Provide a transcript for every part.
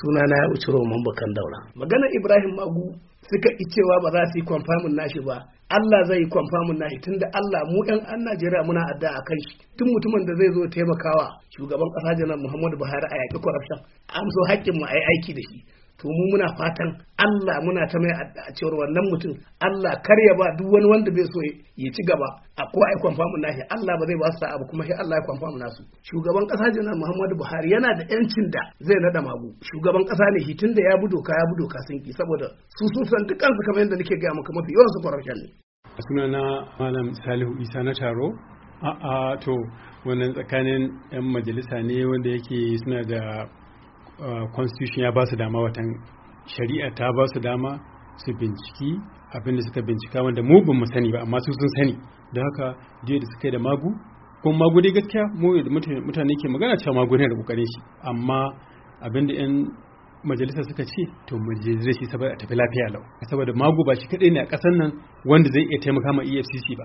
suna na ya wuce roman bakan daura magana ibrahim magu suka yi cewa ba za su yi kwamfamin nashi ba Allah zai yi kwamfamin nashi Tun da Allah mu 'yan an Najeriya muna adda a kan shi tun mutumin da zai zo taimakawa shugaban ƙasa janar Muhammadu Buhari a yaƙi corruption amso haƙƙin mu a yi aiki da shi to mu muna fatan Allah muna ta mai a cewar wannan mutum Allah kar ya ba duk wani wanda bai so ya ci gaba a ko ai kwamfamu nashi Allah ba zai ba su abu kuma shi Allah ya kwamfamu nasu shugaban kasa jinan Muhammadu Buhari yana da yancin da zai nada magu shugaban kasa ne shi da ya bi doka ya bi doka sun ki saboda su su san dukkan su kamar yadda nake ga maka mafi yawan su corruption ne sunana malam Salihu Isa na taro a'a to wannan tsakanin 'yan majalisa ne wanda yake suna da Uh, constitution ya ba su dama watan shari'a ta ba su dama su binciki abin suka bincika wanda mu ba mu sani ba amma su sun sani don haka jiya da suka yi da magu kuma magu dai gaskiya mu mutane ke magana cewa magu ne da kokarin shi amma abinda da yan majalisa suka ce to mu je shi saboda a tafi lafiya lau saboda magu ba shi kadai ne a kasan nan wanda zai iya taimaka ma EFCC ba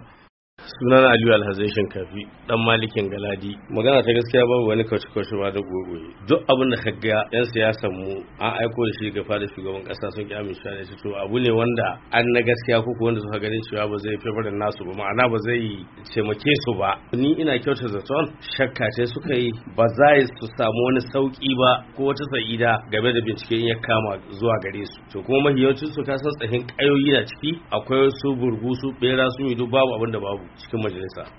sunana aliyu alhazai shinkafi dan malikin galadi magana ta gaskiya babu wani kauce kauce ba da gogoye duk abin da kaga yan siyasar mu an aiko da shi ga fada shugaban kasa sun ki amincewa da shi to abu ne wanda an na gaskiya ko wanda suka ganin cewa ba zai fi nasu ba ma'ana ba zai taimake su ba ni ina kyauta zaton shakka ce suka yi ba za su samu wani sauki ba ko wata sa'ida game da binciken ya kama zuwa gare su to kuma mahiyancin su san tsahin kayoyi da ciki akwai su burgusu bera su yi duk babu abin da babu cikin majalisa